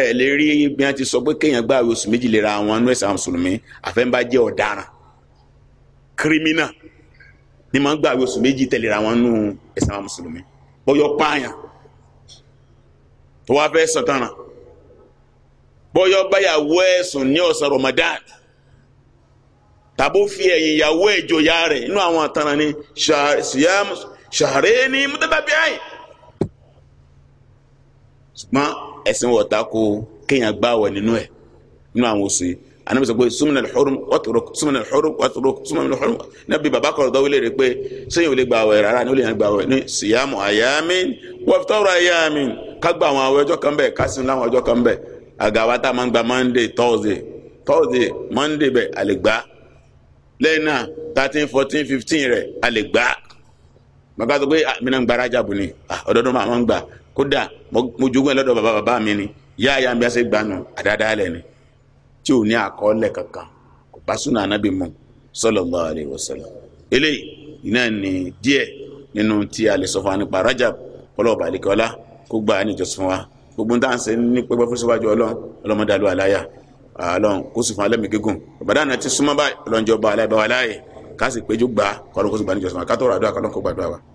ẹ lè rí bí wọn ti sọ pé kéèyàn gbààwẹ̀ oṣù méjì ra àwọn anú ẹ̀sán mùsùlùmí àfẹ́ńbá jẹ́ kírímínà ni máa ń gbàwé oṣù méjì tẹ̀léra wọn nù ẹ̀sìn àwọn mùsùlùmí bọ́yọ̀ pààyàn tó wá fẹ́ sọ̀tàràn bọ́yọ̀ báyàwó ẹ̀sùn ní ọ̀sán Ramadan tàbó fi ẹ̀yìn ìyàwó ìjòyà rẹ̀ inú àwọn àtàràn ni ṣàárẹ̀ ní mọ́tàbíàì ṣùgbọ́n ẹ̀sìn wọ̀ta kó kéèyàn gbàwẹ̀ nínú ẹ̀ nínú àwọn oṣù anabi sọ pé súnmọ́nà lọ́rùn wọ́tòrọ́kù súnmọ́nà lọ́rùn wọ́tòrọ́kù súnmọ́nà lọ́rùn nàbí bàbá kọ̀rọ̀ dọ́wọ́ lè rè pé sẹ́yìn ò lè gba àwẹ̀ rárá ni ó lè yàn gba àwẹ̀ ní síyàmù àyàmì wọ́fítọ́rọ̀ àyàmì ká gba àwọn àwẹ̀ ọjọ́ kan bẹ̀ ká sin láwọn ọjọ́ kan bẹ̀ àgàwá tá a máa ń gba monday thursday thursday monday bẹ̀ a lè gbà lẹ́yìn náà thirteen fourteen fifteen rẹ̀ a lè gbà sọ pé ah, mina ń gba rajabu ni ah, ọdọọdún máa ń gbà kódà mo jogún ẹ lọ́dọ̀ bàbá bàbá mi ni yá mi bí àdáadáa lẹ́ni tí ò ní àkọọ́lẹ̀ kankan kò bá súnà anábì mu sallallahu alaihi wasallam eléyìí iná ní díẹ̀ nínú tí a lè sọ fún wa nípa Rajab kọlọọba àlekọlá kó gbà á níjọsìn fún wa gbogbo dáhùn sí ní pẹpẹ fún síwájú Ọlọ́run ọlọmọdé àlọ àláyà Ọlọ́run kó sì fún alẹmí gígùn Ramadan náà ti súnmọ́ báyìí ọlọ́njọba aláìbáwa láàyè ká sì péjú gbà á kọlọ́n kó sì gbà á níjọsìn fún wa ká tó rà àdúrà kọlọ́n kó gbàdúrà wa.